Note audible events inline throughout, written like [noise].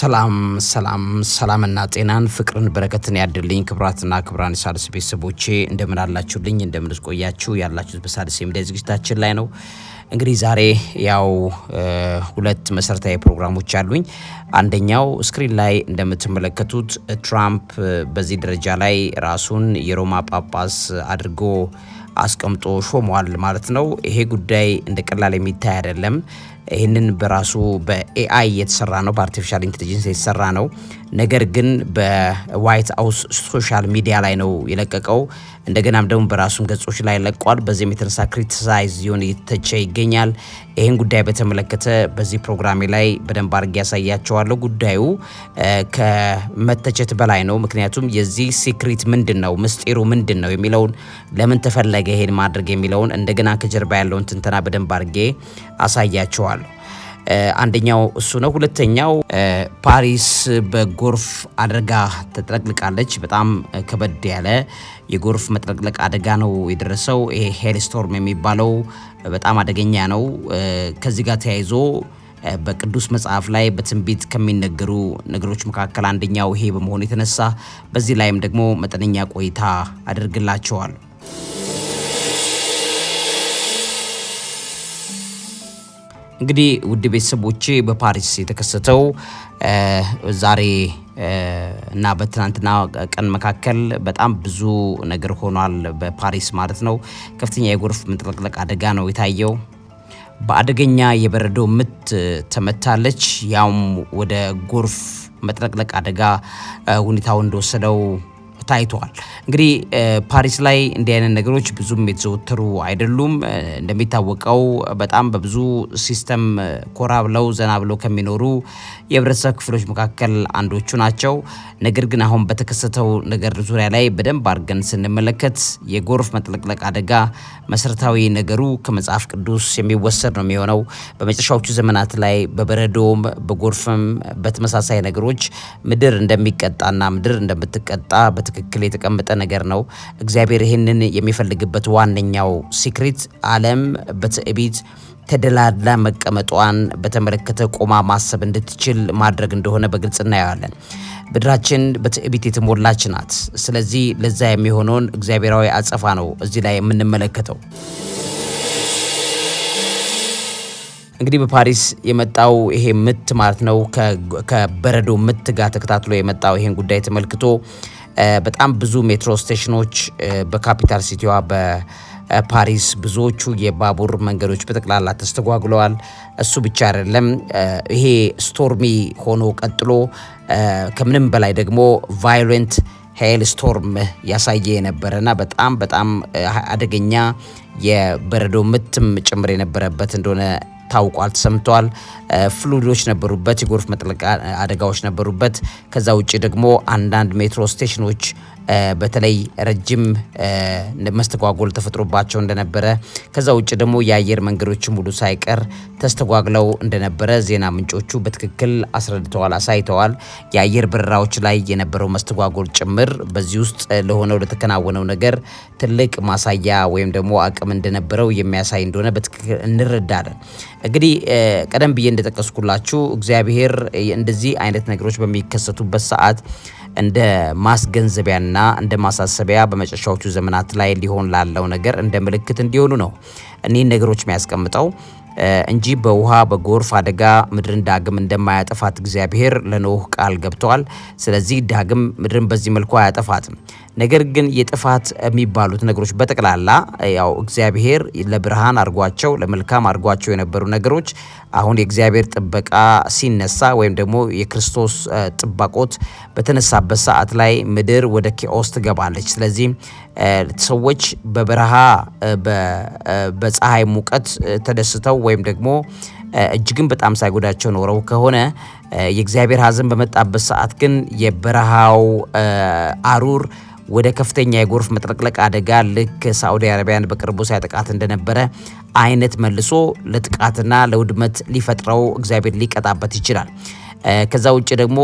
ሰላም ሰላም ሰላምና ጤናን ፍቅርን በረከትን ያድልኝ ክብራትና ክብራን የሣድስ ቤተሰቦቼ እንደምን አላችሁልኝ? እንደምን ቆያችሁ? ያላችሁት በሣድስ የሚዲያ ዝግጅታችን ላይ ነው። እንግዲህ ዛሬ ያው ሁለት መሰረታዊ ፕሮግራሞች አሉኝ። አንደኛው ስክሪን ላይ እንደምትመለከቱት ትራምፕ በዚህ ደረጃ ላይ ራሱን የሮማ ጳጳስ አድርጎ አስቀምጦ ሾሟል ማለት ነው። ይሄ ጉዳይ እንደ ቀላል የሚታይ አይደለም። ይህንን በራሱ በኤአይ የተሰራ ነው፣ በአርቲፊሻል ኢንቴሊጀንስ የተሰራ ነው። ነገር ግን በዋይት ሀውስ ሶሻል ሚዲያ ላይ ነው የለቀቀው። እንደገናም ደግሞ በራሱም ገጾች ላይ ለቋል። በዚህም የተነሳ ክሪቲሳይዝ ሆን እየተቸ ይገኛል። ይህን ጉዳይ በተመለከተ በዚህ ፕሮግራሜ ላይ በደንብ አድርጌ ያሳያቸዋለሁ። ጉዳዩ ከመተቸት በላይ ነው። ምክንያቱም የዚህ ሲክሪት ምንድን ነው፣ ምስጢሩ ምንድን ነው የሚለውን ለምን ተፈለገ ይሄን ማድረግ የሚለውን እንደገና ከጀርባ ያለውን ትንተና በደንብ አድርጌ አሳያቸዋለሁ። አንደኛው እሱ ነው። ሁለተኛው ፓሪስ በጎርፍ አደጋ ተጥለቅልቃለች። በጣም ከበድ ያለ የጎርፍ መጥለቅለቅ አደጋ ነው የደረሰው። ይሄ ሄልስቶርም የሚባለው በጣም አደገኛ ነው። ከዚህ ጋር ተያይዞ በቅዱስ መጽሐፍ ላይ በትንቢት ከሚነገሩ ነገሮች መካከል አንደኛው ይሄ በመሆኑ የተነሳ በዚህ ላይም ደግሞ መጠነኛ ቆይታ አድርግላቸዋል። እንግዲህ ውድ ቤተሰቦቼ በፓሪስ የተከሰተው ዛሬ እና በትናንትና ቀን መካከል በጣም ብዙ ነገር ሆኗል። በፓሪስ ማለት ነው። ከፍተኛ የጎርፍ መጥለቅለቅ አደጋ ነው የታየው። በአደገኛ የበረዶ ምት ተመታለች። ያውም ወደ ጎርፍ መጥለቅለቅ አደጋ ሁኔታው እንደወሰደው ታይቷል። እንግዲህ ፓሪስ ላይ እንዲህ አይነት ነገሮች ብዙም የተዘወተሩ አይደሉም። እንደሚታወቀው በጣም በብዙ ሲስተም ኮራ ብለው ዘና ብለው ከሚኖሩ የህብረተሰብ ክፍሎች መካከል አንዶቹ ናቸው። ነገር ግን አሁን በተከሰተው ነገር ዙሪያ ላይ በደንብ አድርገን ስንመለከት የጎርፍ መጥለቅለቅ አደጋ መሰረታዊ ነገሩ ከመጽሐፍ ቅዱስ የሚወሰድ ነው የሚሆነው። በመጨረሻዎቹ ዘመናት ላይ በበረዶም በጎርፍም በተመሳሳይ ነገሮች ምድር እንደሚቀጣና ምድር እንደምትቀጣ በትክ በትክክል የተቀመጠ ነገር ነው። እግዚአብሔር ይህንን የሚፈልግበት ዋነኛው ሲክሪት ዓለም በትዕቢት ተደላድላ መቀመጧን በተመለከተ ቆማ ማሰብ እንድትችል ማድረግ እንደሆነ በግልጽ እናየዋለን። ምድራችን በትዕቢት የተሞላች ናት። ስለዚህ ለዛ የሚሆነውን እግዚአብሔራዊ አጸፋ ነው እዚህ ላይ የምንመለከተው። እንግዲህ በፓሪስ የመጣው ይሄ ምት ማለት ነው ከበረዶ ምት ጋር ተከታትሎ የመጣው ይሄን ጉዳይ ተመልክቶ በጣም ብዙ ሜትሮ ስቴሽኖች በካፒታል ሲቲዋ በፓሪስ ብዙዎቹ የባቡር መንገዶች በጠቅላላ ተስተጓጉለዋል። እሱ ብቻ አይደለም። ይሄ ስቶርሚ ሆኖ ቀጥሎ ከምንም በላይ ደግሞ ቫዮሌንት ሄል ስቶርም ያሳየ የነበረ እና በጣም በጣም አደገኛ የበረዶ ምትም ጭምር የነበረበት እንደሆነ ታውቋል፣ ተሰምቷል። ፍሉዶች ነበሩበት፣ የጎርፍ መጥለቅ አደጋዎች ነበሩበት። ከዛ ውጭ ደግሞ አንዳንድ ሜትሮ ስቴሽኖች በተለይ ረጅም መስተጓጎል ተፈጥሮባቸው እንደነበረ ከዛ ውጭ ደግሞ የአየር መንገዶች ሙሉ ሳይቀር ተስተጓግለው እንደነበረ ዜና ምንጮቹ በትክክል አስረድተዋል፣ አሳይተዋል። የአየር በረራዎች ላይ የነበረው መስተጓጎል ጭምር በዚህ ውስጥ ለሆነው ለተከናወነው ነገር ትልቅ ማሳያ ወይም ደግሞ አቅም እንደነበረው የሚያሳይ እንደሆነ በትክክል እንረዳለን። እንግዲህ ቀደም ብዬ እንደጠቀስኩላችሁ እግዚአብሔር እንደዚህ አይነት ነገሮች በሚከሰቱበት ሰዓት እንደ ማስገንዘቢያና እንደ ማሳሰቢያ በመጨረሻዎቹ ዘመናት ላይ ሊሆን ላለው ነገር እንደ ምልክት እንዲሆኑ ነው እኒህን ነገሮች የሚያስቀምጠው እንጂ በውሃ በጎርፍ አደጋ ምድርን ዳግም እንደማያጠፋት እግዚአብሔር ለኖህ ቃል ገብተዋል። ስለዚህ ዳግም ምድርን በዚህ መልኩ አያጠፋትም። ነገር ግን የጥፋት የሚባሉት ነገሮች በጠቅላላ ያው እግዚአብሔር ለብርሃን አድርጓቸው ለመልካም አድርጓቸው የነበሩ ነገሮች አሁን የእግዚአብሔር ጥበቃ ሲነሳ ወይም ደግሞ የክርስቶስ ጥባቆት በተነሳበት ሰዓት ላይ ምድር ወደ ኬኦስ ትገባለች። ስለዚህ ሰዎች በበረሃ በፀሐይ ሙቀት ተደስተው ወይም ደግሞ እጅግን በጣም ሳይጎዳቸው ኖረው ከሆነ የእግዚአብሔር ሐዘን በመጣበት ሰዓት ግን የበረሃው አሩር ወደ ከፍተኛ የጎርፍ መጥለቅለቅ አደጋ ልክ ሳዑዲ አረቢያን በቅርቡ ሲያጠቃት እንደነበረ አይነት መልሶ ለጥቃትና ለውድመት ሊፈጥረው እግዚአብሔር ሊቀጣበት ይችላል። ከዛ ውጭ ደግሞ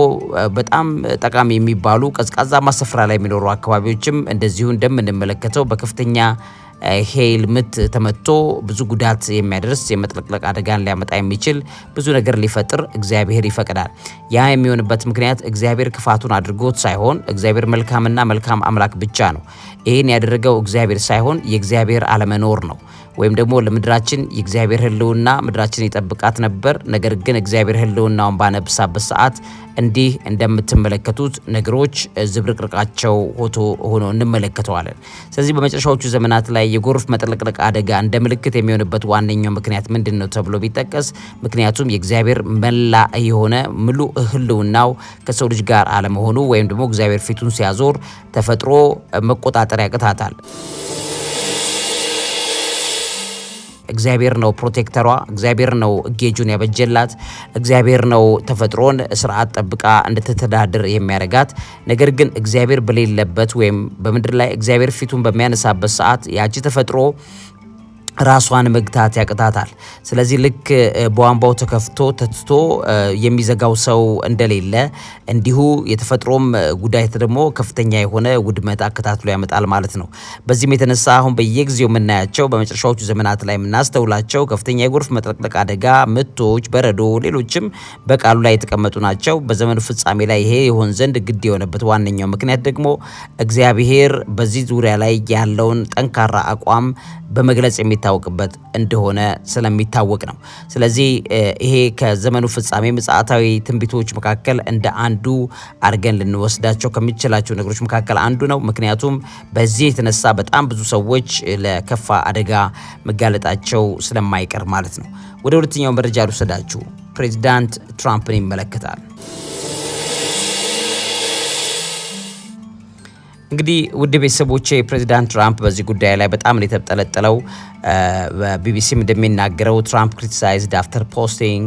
በጣም ጠቃሚ የሚባሉ ቀዝቃዛማ ስፍራ ላይ የሚኖሩ አካባቢዎችም እንደዚሁ እንደምንመለከተው በከፍተኛ ሄይል ምት ተመቶ ብዙ ጉዳት የሚያደርስ የመጥለቅለቅ አደጋን ሊያመጣ የሚችል ብዙ ነገር ሊፈጥር እግዚአብሔር ይፈቅዳል። ያ የሚሆንበት ምክንያት እግዚአብሔር ክፋቱን አድርጎት ሳይሆን እግዚአብሔር መልካምና መልካም አምላክ ብቻ ነው። ይህን ያደረገው እግዚአብሔር ሳይሆን የእግዚአብሔር አለመኖር ነው። ወይም ደግሞ ለምድራችን የእግዚአብሔር ህልውና ምድራችን ይጠብቃት ነበር። ነገር ግን እግዚአብሔር ህልውናውን ባነብሳበት ሰዓት እንዲህ እንደምትመለከቱት ነገሮች ዝብርቅርቃቸው ሆቶ ሆኖ እንመለከተዋለን። ስለዚህ በመጨረሻዎቹ ዘመናት ላይ የጎርፍ መጠለቅለቅ አደጋ እንደ ምልክት የሚሆንበት ዋነኛው ምክንያት ምንድን ነው ተብሎ ቢጠቀስ ምክንያቱም የእግዚአብሔር መላ የሆነ ሙሉ ህልውናው ከሰው ልጅ ጋር አለመሆኑ ወይም ደግሞ እግዚአብሔር ፊቱን ሲያዞር ተፈጥሮ መቆጣጠር ያቅታታል። እግዚአብሔር ነው ፕሮቴክተሯ፣ እግዚአብሔር ነው እጌጁን ያበጀላት፣ እግዚአብሔር ነው ተፈጥሮን ስርዓት ጠብቃ እንድትተዳድር የሚያደርጋት። ነገር ግን እግዚአብሔር በሌለበት ወይም በምድር ላይ እግዚአብሔር ፊቱን በሚያነሳበት ሰዓት ያቺ ተፈጥሮ ራሷን መግታት ያቅታታል። ስለዚህ ልክ በቧንቧው ተከፍቶ ተትቶ የሚዘጋው ሰው እንደሌለ እንዲሁ የተፈጥሮም ጉዳይ ደግሞ ከፍተኛ የሆነ ውድመት አከታትሎ ያመጣል ማለት ነው። በዚህም የተነሳ አሁን በየጊዜው የምናያቸው በመጨረሻዎቹ ዘመናት ላይ የምናስተውላቸው ከፍተኛ የጎርፍ መጥለቅለቅ አደጋ፣ ምቶች፣ በረዶ፣ ሌሎችም በቃሉ ላይ የተቀመጡ ናቸው። በዘመኑ ፍጻሜ ላይ ይሄ ይሆን ዘንድ ግድ የሆነበት ዋነኛው ምክንያት ደግሞ እግዚአብሔር በዚህ ዙሪያ ላይ ያለውን ጠንካራ አቋም በመግለጽ የሚታ የሚታወቅበት እንደሆነ ስለሚታወቅ ነው። ስለዚህ ይሄ ከዘመኑ ፍጻሜ ምጽአታዊ ትንቢቶች መካከል እንደ አንዱ አድርገን ልንወስዳቸው ከሚችላቸው ነገሮች መካከል አንዱ ነው። ምክንያቱም በዚህ የተነሳ በጣም ብዙ ሰዎች ለከፋ አደጋ መጋለጣቸው ስለማይቀር ማለት ነው። ወደ ሁለተኛው መረጃ ልውሰዳችሁ። ፕሬዚዳንት ትራምፕን ይመለከታል። እንግዲህ ውድ ቤተሰቦቼ ፕሬዚዳንት ትራምፕ በዚህ ጉዳይ ላይ በጣም ነው የተጠለጠለው። በቢቢሲም እንደሚናገረው ትራምፕ ክሪቲሳይዝድ አፍተር ፖስቲንግ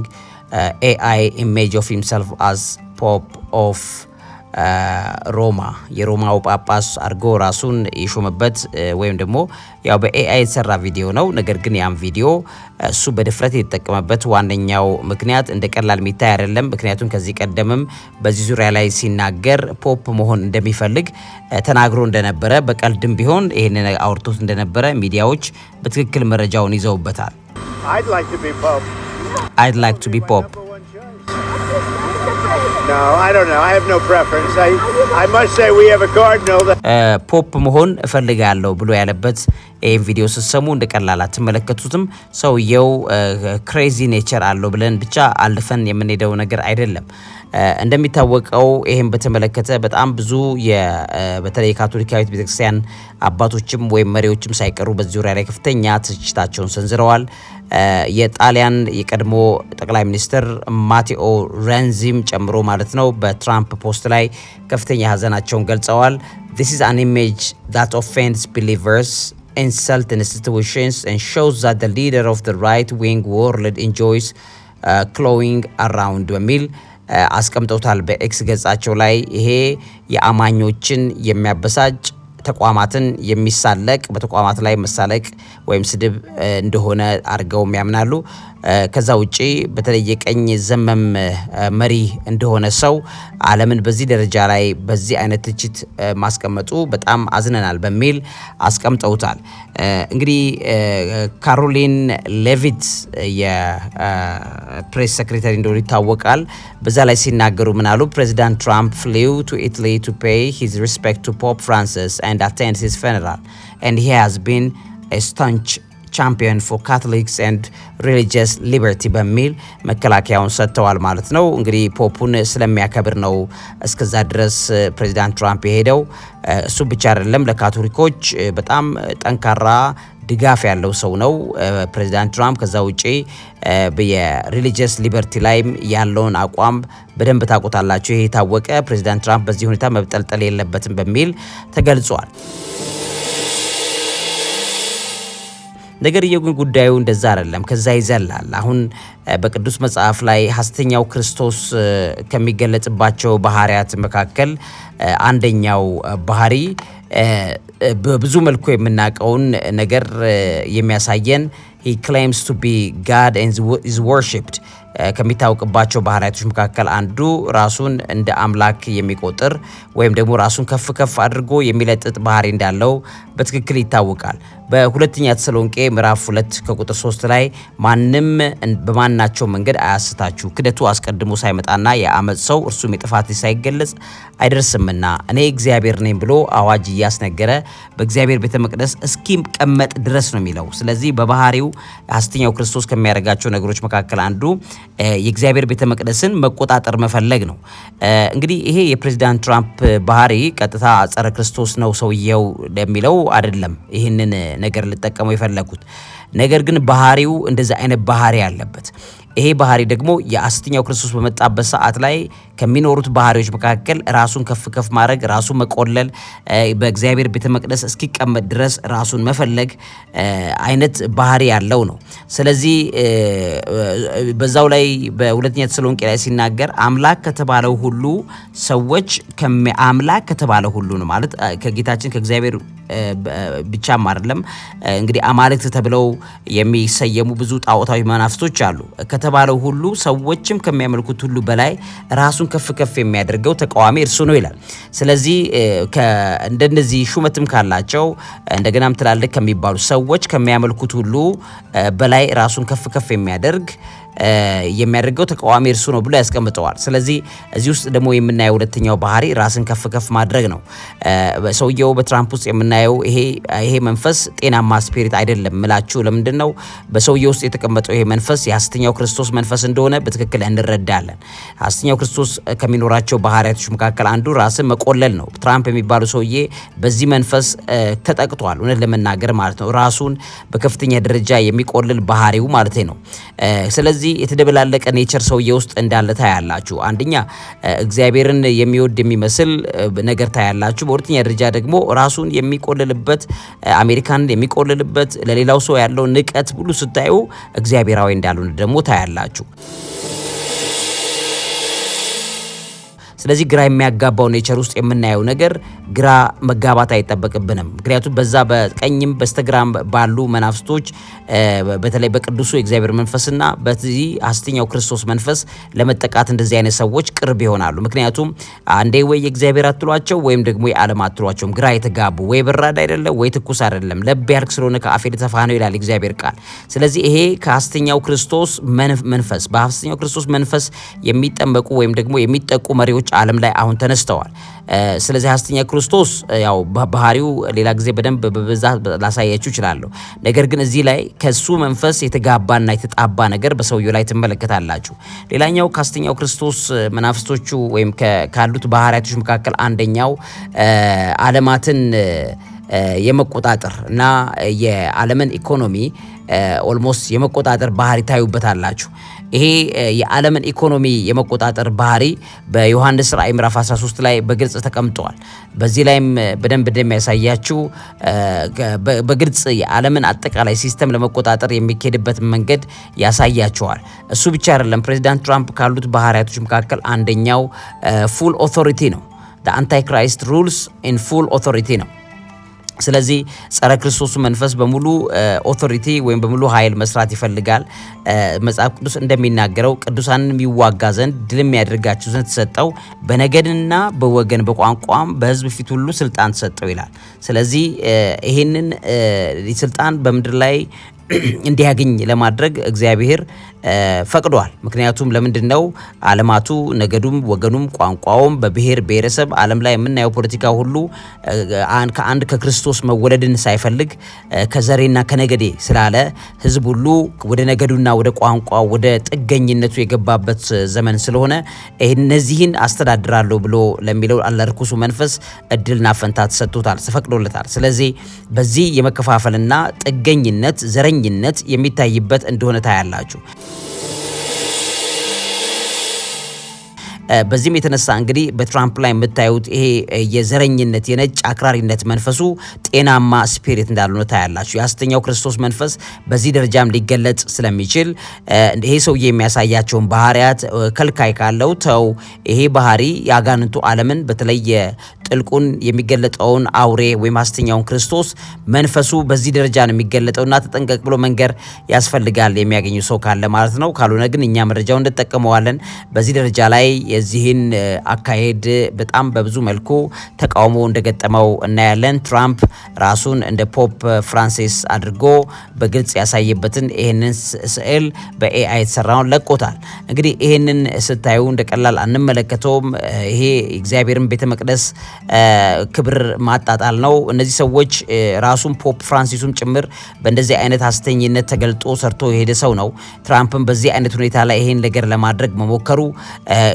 ኤአይ ኢሜጅ ኦፍ ሂምሰልፍ አዝ ፖፕ ኦፍ ሮማ የሮማው ጳጳስ አድርጎ ራሱን የሾመበት ወይም ደግሞ ያው በኤአይ የተሰራ ቪዲዮ ነው። ነገር ግን ያም ቪዲዮ እሱ በድፍረት የተጠቀመበት ዋነኛው ምክንያት እንደ ቀላል ሚታይ አይደለም። ምክንያቱም ከዚህ ቀደምም በዚህ ዙሪያ ላይ ሲናገር ፖፕ መሆን እንደሚፈልግ ተናግሮ እንደነበረ በቀልድም ቢሆን ይህንን አውርቶት እንደነበረ ሚዲያዎች በትክክል መረጃውን ይዘውበታል። አይድ ላይክ ቱ ቢ ፖፕ ፖፕ uh, መሆን እፈልጋለሁ ብሎ ያለበት ይህም ቪዲዮ ስትሰሙ እንደ ቀላል አትመለከቱትም። ሰውየው ክሬዚ uh, ኔቸር አለው ብለን ብቻ አልፈን የምንሄደው ነገር አይደለም። uh, እንደሚታወቀው ይህም በተመለከተ በጣም ብዙ በተለይ የካቶሊካዊት ቤተክርስቲያን አባቶችም ወይም መሪዎችም ሳይቀሩ በዚህ ዙሪያ ላይ ከፍተኛ ትችታቸውን ሰንዝረዋል። የጣሊያን የቀድሞ ጠቅላይ ሚኒስትር ማቴኦ ረንዚም ጨምሮ ማለት ነው በትራምፕ ፖስት ላይ ከፍተኛ ሀዘናቸውን ገልጸዋል። ዚስ ኢዝ አን ኢሜጅ ዛት ኦፌንድስ ቢሊቨርስ ኢንሰልት ኢንስቲቱሽንስ ኤንድ ሾውዝ ዛት ዘ ሊደር ኦፍ ዘ ራይት ዊንግ ወርልድ ኢንጆይስ ክሎዊንግ አራውንድ በሚል uh, አስቀምጠውታል በኤክስ ገጻቸው ላይ። ይሄ የአማኞችን የሚያበሳጭ ተቋማትን የሚሳለቅ በተቋማት ላይ መሳለቅ ወይም ስድብ እንደሆነ አድርገውም ያምናሉ። ከዛ ውጪ በተለይ የቀኝ ዘመም መሪ እንደሆነ ሰው ዓለምን በዚህ ደረጃ ላይ በዚህ አይነት ትችት ማስቀመጡ በጣም አዝነናል በሚል አስቀምጠውታል። እንግዲህ ካሮሊን ሌቪት የፕሬስ ሰክሬታሪ እንደሆኑ ይታወቃል። በዛ ላይ ሲናገሩ ምናሉ ፕሬዚዳንት ትራምፕ ፍሊው ቱ ኢትሊ ቱ ፔይ ሂዝ ሪስፔክት ቱ ፖፕ ፍራንሲስ ኤንድ አቴንድ ሂዝ ፌነራል ኤንድ ሂ ሃዝ ቢን ስታንች ቻምፒዮን ፎር ካቶሊክስ ኤንድ ሪሊጂየስ ሊበርቲ በሚል መከላከያውን ሰጥተዋል ማለት ነው። እንግዲህ ፖፑን ስለሚያከብር ነው እስከዛ ድረስ ፕሬዚዳንት ትራምፕ የሄደው። እሱ ብቻ አይደለም፣ ለካቶሊኮች በጣም ጠንካራ ድጋፍ ያለው ሰው ነው ፕሬዚዳንት ትራምፕ። ከዛ ውጪ የሪሊጂየስ ሊበርቲ ላይም ያለውን አቋም በደንብ ታውቁታላችሁ። ይህ የታወቀ ፕሬዚዳንት ትራምፕ በዚህ ሁኔታ መብጠልጠል የለበትም በሚል ተገልጿል። ነገርየው ግን ጉዳዩ እንደዛ አይደለም። ከዛ ይዘላል። አሁን በቅዱስ መጽሐፍ ላይ ሐሰተኛው ክርስቶስ ከሚገለጽባቸው ባህሪያት መካከል አንደኛው ባህሪ በብዙ መልኩ የምናውቀውን ነገር የሚያሳየን ሂ ክሌምስ ቱ ቢ ጋድ ኢዝ ወርሺፕድ ከሚታወቅባቸው ባህሪያቶች መካከል አንዱ ራሱን እንደ አምላክ የሚቆጥር ወይም ደግሞ ራሱን ከፍ ከፍ አድርጎ የሚለጥጥ ባህሪ እንዳለው በትክክል ይታወቃል። በሁለተኛ ተሰሎንቄ ምዕራፍ ሁለት ከቁጥር ሶስት ላይ ማንም በማናቸው መንገድ አያስታችሁ፣ ክደቱ አስቀድሞ ሳይመጣና የአመፅ ሰው እርሱም የጥፋት ሳይገለጽ አይደርስምና እኔ እግዚአብሔር ነኝ ብሎ አዋጅ እያስነገረ በእግዚአብሔር ቤተ መቅደስ እስኪቀመጥ ድረስ ነው የሚለው። ስለዚህ በባህሪው ሐሰተኛው ክርስቶስ ከሚያደርጋቸው ነገሮች መካከል አንዱ የእግዚአብሔር ቤተ መቅደስን መቆጣጠር መፈለግ ነው። እንግዲህ ይሄ የፕሬዚዳንት ትራምፕ ባህሪ ቀጥታ ጸረ ክርስቶስ ነው ሰውየው ለሚለው አይደለም ይህንን ነገር ልጠቀመው የፈለጉት። ነገር ግን ባህሪው እንደዚህ አይነት ባህሪ አለበት። ይሄ ባህሪ ደግሞ የአስተኛው ክርስቶስ በመጣበት ሰዓት ላይ ከሚኖሩት ባህሪዎች መካከል ራሱን ከፍ ከፍ ማድረግ፣ ራሱን መቆለል፣ በእግዚአብሔር ቤተ መቅደስ እስኪቀመጥ ድረስ ራሱን መፈለግ አይነት ባህሪ ያለው ነው። ስለዚህ በዛው ላይ በሁለተኛ ተሰሎንቄ ላይ ሲናገር አምላክ ከተባለው ሁሉ ሰዎች አምላክ ከተባለው ሁሉ ነው ማለት ከጌታችን ከእግዚአብሔር ብቻም አይደለም። እንግዲህ አማልክት ተብለው የሚሰየሙ ብዙ ጣዖታዊ መናፍስቶች አሉ። ከተባለው ሁሉ ሰዎችም ከሚያመልኩት ሁሉ በላይ ራሱን ከፍ ከፍ የሚያደርገው ተቃዋሚ እርሱ ነው ይላል። ስለዚህ እንደነዚህ ሹመትም ካላቸው እንደገናም ትላልቅ ከሚባሉ ሰዎች ከሚያመልኩት ሁሉ በላይ ራሱን ከፍ ከፍ የሚያደርግ የሚያደርገው ተቃዋሚ እርሱ ነው ብሎ ያስቀምጠዋል። ስለዚህ እዚህ ውስጥ ደግሞ የምናየው ሁለተኛው ባህሪ ራስን ከፍ ከፍ ማድረግ ነው። ሰውየው በትራምፕ ውስጥ የምናየው ይሄ መንፈስ ጤናማ ስፒሪት አይደለም ምላችሁ ለምንድን ነው በሰውየው ውስጥ የተቀመጠው ይሄ መንፈስ የሐሰተኛው ክርስቶስ መንፈስ እንደሆነ በትክክል እንረዳለን። ሐሰተኛው ክርስቶስ ከሚኖራቸው ባህሪያቶች መካከል አንዱ ራስን መቆለል ነው። ትራምፕ የሚባሉ ሰውዬ በዚህ መንፈስ ተጠቅቷል። እውነት ለመናገር ማለት ነው ራሱን በከፍተኛ ደረጃ የሚቆልል ባህሪው ማለት ነው። ስለዚህ እንደዚህ የተደበላለቀ ኔቸር ሰውዬ ውስጥ እንዳለ ታያላችሁ። አንደኛ እግዚአብሔርን የሚወድ የሚመስል ነገር ታያላችሁ። በሁለተኛ ደረጃ ደግሞ ራሱን የሚቆልልበት አሜሪካንን የሚቆልልበት ለሌላው ሰው ያለው ንቀት ሁሉ ስታዩ እግዚአብሔራዊ እንዳልሆነ ደግሞ ታያላችሁ። ስለዚህ ግራ የሚያጋባው ኔቸር ውስጥ የምናየው ነገር ግራ መጋባት አይጠበቅብንም። ምክንያቱም በዛ በቀኝም በስተግራም ባሉ መናፍስቶች በተለይ በቅዱሱ የእግዚአብሔር መንፈስና በዚህ አስተኛው ክርስቶስ መንፈስ ለመጠቃት እንደዚህ አይነት ሰዎች ቅርብ ይሆናሉ። ምክንያቱም አንዴ ወይ የእግዚአብሔር አትሏቸው ወይም ደግሞ የዓለም አትሏቸውም። ግራ የተጋቡ ወይ በራድ አይደለም ወይ ትኩስ አይደለም፣ ለብ ያልክ ስለሆነ ከአፌ ልተፋ ነው ይላል እግዚአብሔር ቃል። ስለዚህ ይሄ ከአስተኛው ክርስቶስ መንፈስ በአስተኛው ክርስቶስ መንፈስ የሚጠመቁ ወይም ደግሞ የሚጠቁ መሪዎች ውጭ ዓለም ላይ አሁን ተነስተዋል። ስለዚህ ሐሰተኛ ክርስቶስ ያው ባህሪው ሌላ ጊዜ በደንብ በብዛት ላሳያችሁ እችላለሁ። ነገር ግን እዚህ ላይ ከሱ መንፈስ የተጋባና የተጣባ ነገር በሰውየው ላይ ትመለከታላችሁ። ሌላኛው ከሐሰተኛው ክርስቶስ መናፍስቶቹ ወይም ካሉት ባህሪያቶች መካከል አንደኛው ዓለማትን የመቆጣጠር እና የዓለምን ኢኮኖሚ ኦልሞስት የመቆጣጠር ባህሪ ታዩበታላችሁ። ይሄ የዓለምን ኢኮኖሚ የመቆጣጠር ባህሪ በዮሐንስ ራእይ ምዕራፍ 13 ላይ በግልጽ ተቀምጠዋል። በዚህ ላይም በደንብ እንደሚያሳያችሁ በግልጽ የዓለምን አጠቃላይ ሲስተም ለመቆጣጠር የሚካሄድበት መንገድ ያሳያቸዋል። እሱ ብቻ አይደለም። ፕሬዚዳንት ትራምፕ ካሉት ባህሪያቶች መካከል አንደኛው ፉል ኦቶሪቲ ነው። አንታይክራይስት ሩልስ ኢን ፉል ኦቶሪቲ ነው። ስለዚህ ጸረ ክርስቶስ መንፈስ በሙሉ ኦቶሪቲ ወይም በሙሉ ኃይል መስራት ይፈልጋል። መጽሐፍ ቅዱስ እንደሚናገረው ቅዱሳንን የሚዋጋ ዘንድ ድል የሚያደርጋቸው ዘንድ ተሰጠው፣ በነገድና በወገን በቋንቋም በሕዝብ ፊት ሁሉ ስልጣን ተሰጠው ይላል። ስለዚህ ይህንን ስልጣን በምድር ላይ [clears throat] እንዲያገኝ ለማድረግ እግዚአብሔር ፈቅዷል። ምክንያቱም ለምንድን ነው አለማቱ ነገዱም፣ ወገኑም፣ ቋንቋውም በብሔር ብሔረሰብ አለም ላይ የምናየው ፖለቲካ ሁሉ ከአንድ ከክርስቶስ መወለድን ሳይፈልግ ከዘሬና ከነገዴ ስላለ ህዝብ ሁሉ ወደ ነገዱና ወደ ቋንቋ ወደ ጥገኝነቱ የገባበት ዘመን ስለሆነ እነዚህን አስተዳድራለሁ ብሎ ለሚለው አለርኩሱ መንፈስ እድልና ፈንታ ተሰጥቶታል፣ ተፈቅዶለታል። ስለዚህ በዚህ የመከፋፈልና ጥገኝነት፣ ዘረኝነት የሚታይበት እንደሆነ ታያላችሁ። በዚህም የተነሳ እንግዲህ በትራምፕ ላይ የምታዩት ይሄ የዘረኝነት የነጭ አክራሪነት መንፈሱ ጤናማ ስፒሪት እንዳልሆነ ታያላችሁ። የሐሰተኛው ክርስቶስ መንፈስ በዚህ ደረጃም ሊገለጽ ስለሚችል ይሄ ሰውዬ የሚያሳያቸውን ባህሪያት ከልካይ ካለው ተው። ይሄ ባህሪ የአጋንንቱ ዓለምን በተለይ ጥልቁን የሚገለጠውን አውሬ ወይም አስተኛውን ክርስቶስ መንፈሱ በዚህ ደረጃ ነው የሚገለጠውና ተጠንቀቅ ብሎ መንገር ያስፈልጋል የሚያገኙ ሰው ካለ ማለት ነው። ካልሆነ ግን እኛ መረጃው እንጠቀመዋለን። በዚህ ደረጃ ላይ የዚህን አካሄድ በጣም በብዙ መልኩ ተቃውሞ እንደገጠመው እናያለን። ትራምፕ ራሱን እንደ ፖፕ ፍራንሲስ አድርጎ በግልጽ ያሳየበትን ይህንን ስዕል በኤአይ የተሰራውን ለቆታል። እንግዲህ ይህንን ስታዩ እንደ ቀላል አንመለከተውም። ይሄ እግዚአብሔርን ቤተ መቅደስ ክብር ማጣጣል ነው። እነዚህ ሰዎች ራሱን ፖፕ ፍራንሲሱም ጭምር በእንደዚህ አይነት አስተኝነት ተገልጦ ሰርቶ የሄደ ሰው ነው። ትራምፕም በዚህ አይነት ሁኔታ ላይ ይሄን ነገር ለማድረግ መሞከሩ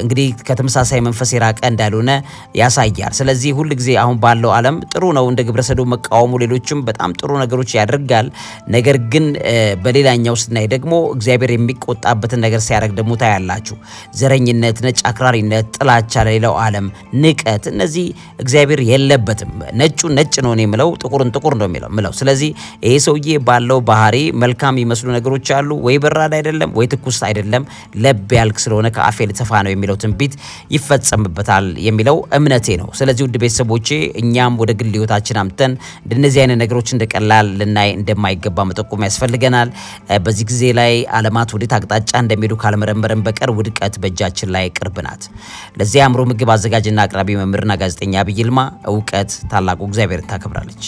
እንግዲህ ከተመሳሳይ መንፈስ የራቀ እንዳልሆነ ያሳያል። ስለዚህ ሁል ጊዜ አሁን ባለው ዓለም ጥሩ ነው እንደ ግብረሰዶም መቃወሙ፣ ሌሎችም በጣም ጥሩ ነገሮች ያደርጋል። ነገር ግን በሌላኛው ስናይ ደግሞ እግዚአብሔር የሚቆጣበትን ነገር ሲያደርግ ደግሞ ታያላችሁ። ዘረኝነት፣ ነጭ አክራሪነት፣ ጥላቻ፣ ለሌላው ዓለም ንቀት እነዚህ እግዚአብሔር የለበትም። ነጩ ነጭ ነው የምለው፣ ጥቁርን ጥቁር ነው የምለው። ስለዚህ ይሄ ሰውዬ ባለው ባህሪ መልካም የሚመስሉ ነገሮች አሉ። ወይ በራድ አይደለም፣ ወይ ትኩስ አይደለም፣ ለብ ያልክ ስለሆነ ከአፌ ልተፋ ነው የሚለው ትንቢት ይፈጸምበታል የሚለው እምነቴ ነው። ስለዚህ ውድ ቤተሰቦቼ እኛም ወደ ግል ህይወታችን አምተን እንደነዚህ አይነት ነገሮች እንደቀላል ልናይ እንደማይገባ መጠቆም ያስፈልገናል። በዚህ ጊዜ ላይ አለማት ወዴት አቅጣጫ እንደሚሄዱ ካልመረመረን በቀር ውድቀት በእጃችን ላይ ቅርብ ናት። ለዚህ አእምሮ ምግብ አዘጋጅና አቅራቢ መምህርና ጋዜጠኛ የአብይ ይልማ እውቀት ታላቁ እግዚአብሔር ታከብራለች።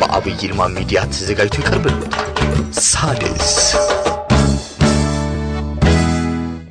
በአብይ ይልማ ሚዲያ ተዘጋጅቶ ይቀርብልዎታል። ሳድስ